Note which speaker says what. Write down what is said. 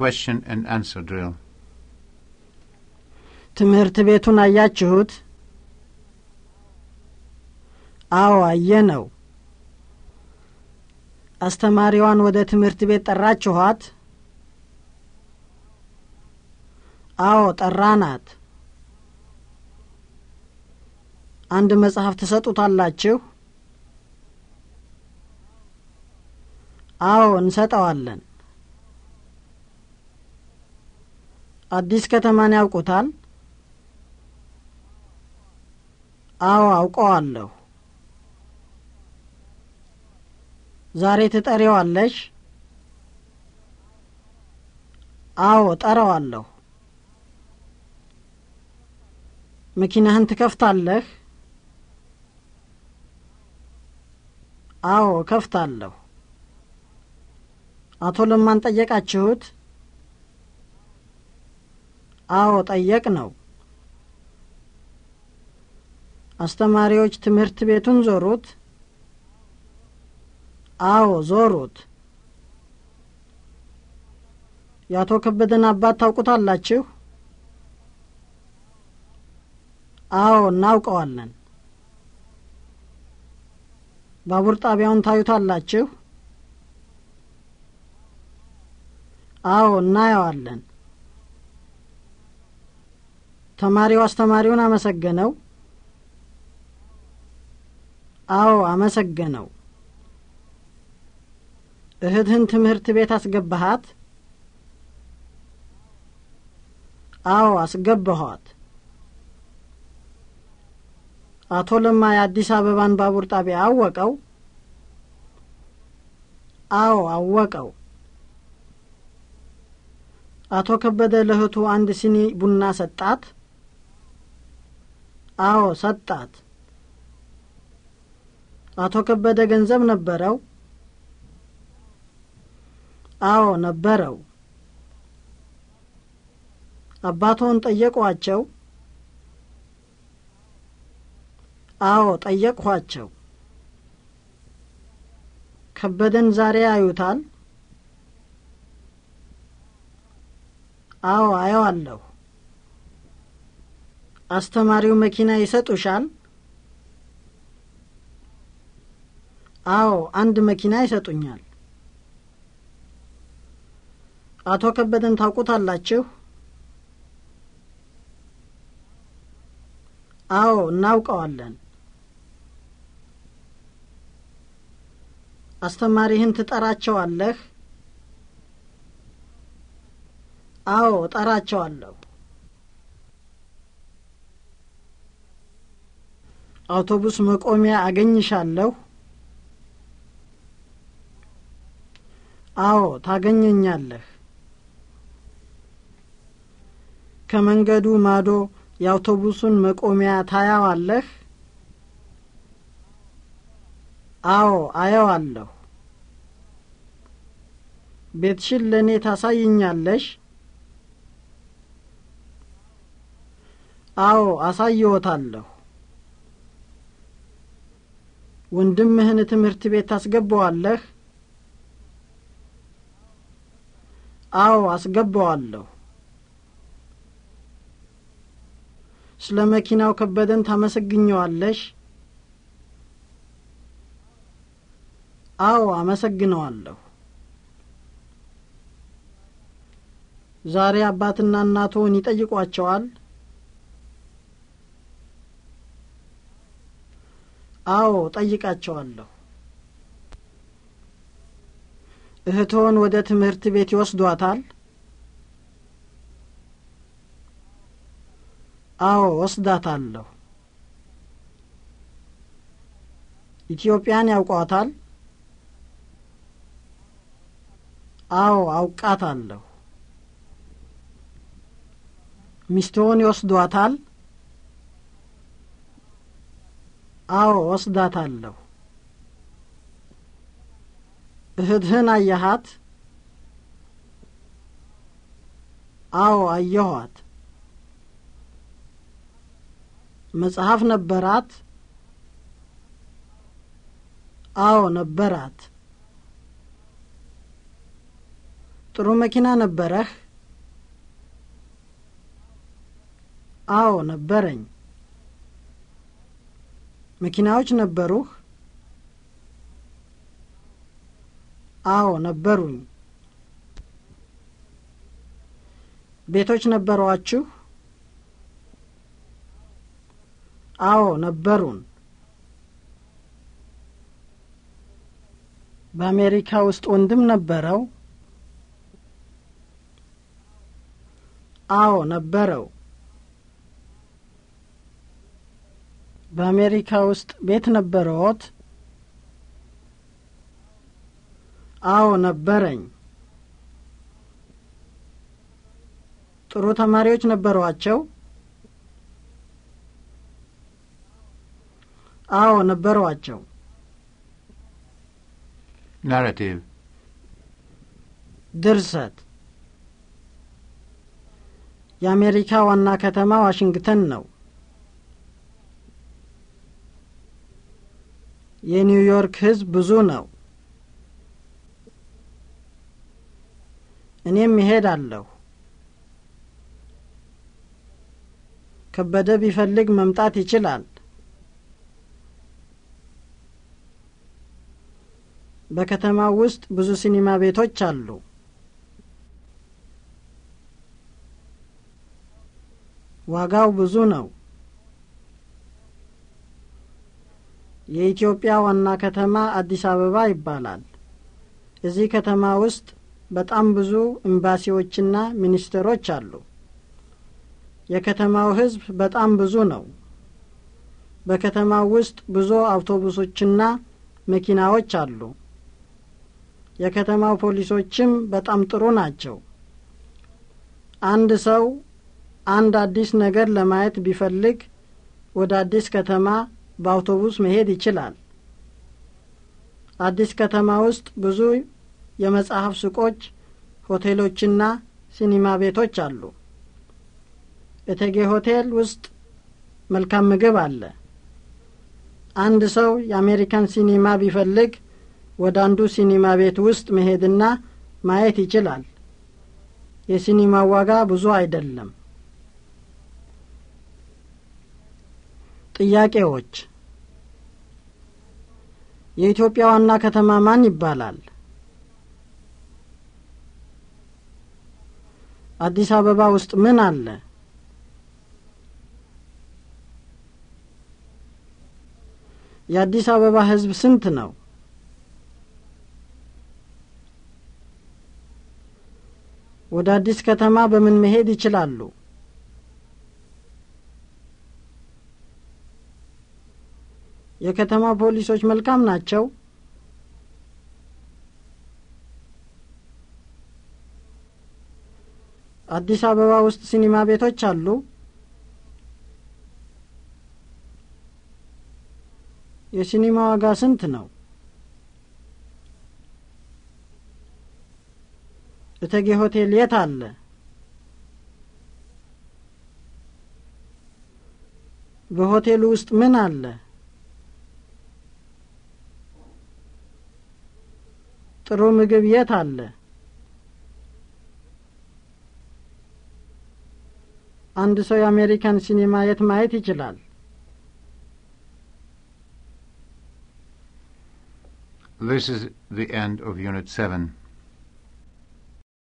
Speaker 1: question and answer drill. ትምህርት ቤቱን አያችሁት? አዎ አየ ነው። አስተማሪዋን ወደ ትምህርት ቤት ጠራችኋት? አዎ ጠራናት። አንድ መጽሐፍ ትሰጡታላችሁ? አዎ እንሰጠዋለን። አዲስ ከተማን ያውቁታል? አዎ አውቀዋለሁ። ዛሬ ትጠሪዋለሽ? አዎ ጠረዋለሁ መኪናህን ትከፍታለህ? አዎ እከፍታለሁ። አቶ ለማን ጠየቃችሁት? አዎ ጠየቅ ነው። አስተማሪዎች ትምህርት ቤቱን ዞሩት? አዎ ዞሩት። የአቶ ከበደን አባት ታውቁታላችሁ? አዎ እናውቀዋለን። ባቡር ጣቢያውን ታዩታላችሁ? አዎ እናየዋለን። ተማሪው አስተማሪውን አመሰገነው። አዎ አመሰገነው። እህትህን ትምህርት ቤት አስገባሃት? አዎ አስገባኋት። አቶ ለማ የአዲስ አበባን ባቡር ጣቢያ አወቀው? አዎ አወቀው። አቶ ከበደ ለእህቱ አንድ ሲኒ ቡና ሰጣት? አዎ ሰጣት። አቶ ከበደ ገንዘብ ነበረው? አዎ ነበረው። አባቶን ጠየቋቸው? አዎ ጠየቅኋቸው። ከበደን ዛሬ ያዩታል? አዎ አየዋለሁ። አስተማሪው መኪና ይሰጡሻል? አዎ፣ አንድ መኪና ይሰጡኛል። አቶ ከበደን ታውቁታላችሁ? አዎ፣ እናውቀዋለን። አስተማሪህን ትጠራቸዋለህ? አዎ፣ እጠራቸዋለሁ። አውቶቡስ መቆሚያ አገኝሻለሁ? አዎ ታገኘኛለህ። ከመንገዱ ማዶ የአውቶቡሱን መቆሚያ ታያዋለህ? አዎ አየዋለሁ። ቤትሽን ለእኔ ታሳይኛለሽ? አዎ አሳይዎታለሁ። ወንድምህን ትምህርት ቤት ታስገባዋለህ? አዎ አስገባዋለሁ። ስለ መኪናው ከበደን ታመሰግኘዋለሽ? አዎ አመሰግነዋለሁ። ዛሬ አባትና እናቶን ይጠይቋቸዋል? አዎ ጠይቃቸዋለሁ። እህቶን ወደ ትምህርት ቤት ይወስዷታል? አዎ ወስዳታለሁ። ኢትዮጵያን ያውቋታል? አዎ አውቃታለሁ። ሚስቶን ይወስዷታል? አዎ ወስዳታለሁ። እህትህን አየሃት? አዎ አየኋት። መጽሐፍ ነበራት? አዎ ነበራት። ጥሩ መኪና ነበረህ? አዎ ነበረኝ። መኪናዎች ነበሩህ? አዎ ነበሩኝ። ቤቶች ነበሯችሁ? አዎ ነበሩን። በአሜሪካ ውስጥ ወንድም ነበረው? አዎ ነበረው። በአሜሪካ ውስጥ ቤት ነበረዎት? አዎ ነበረኝ። ጥሩ ተማሪዎች ነበሯቸው? አዎ ነበሯቸው። ናራቲቭ ድርሰት የአሜሪካ ዋና ከተማ ዋሽንግተን ነው። የኒውዮርክ ህዝብ ብዙ ነው። እኔም እሄዳለሁ። ከበደ ቢፈልግ መምጣት ይችላል። በከተማው ውስጥ ብዙ ሲኒማ ቤቶች አሉ። ዋጋው ብዙ ነው። የኢትዮጵያ ዋና ከተማ አዲስ አበባ ይባላል። እዚህ ከተማ ውስጥ በጣም ብዙ ኤምባሲዎችና ሚኒስቴሮች አሉ። የከተማው ሕዝብ በጣም ብዙ ነው። በከተማው ውስጥ ብዙ አውቶቡሶችና መኪናዎች አሉ። የከተማው ፖሊሶችም በጣም ጥሩ ናቸው። አንድ ሰው አንድ አዲስ ነገር ለማየት ቢፈልግ ወደ አዲስ ከተማ በአውቶቡስ መሄድ ይችላል። አዲስ ከተማ ውስጥ ብዙ የመጽሐፍ ሱቆች፣ ሆቴሎችና ሲኒማ ቤቶች አሉ። እቴጌ ሆቴል ውስጥ መልካም ምግብ አለ። አንድ ሰው የአሜሪካን ሲኒማ ቢፈልግ ወደ አንዱ ሲኒማ ቤት ውስጥ መሄድና ማየት ይችላል። የሲኒማ ዋጋ ብዙ አይደለም። ጥያቄዎች የኢትዮጵያ ዋና ከተማ ማን ይባላል? አዲስ አበባ ውስጥ ምን አለ? የአዲስ አበባ ሕዝብ ስንት ነው? ወደ አዲስ ከተማ በምን መሄድ ይችላሉ? የከተማ ፖሊሶች መልካም ናቸው? አዲስ አበባ ውስጥ ሲኒማ ቤቶች አሉ? የሲኒማ ዋጋ ስንት ነው? እቴጌ ሆቴል የት አለ? በሆቴሉ ውስጥ ምን አለ? ጥሩ ምግብ የት አለ? አንድ ሰው የአሜሪካን ሲኒማ የት ማየት ይችላል? This is the end of Unit 7.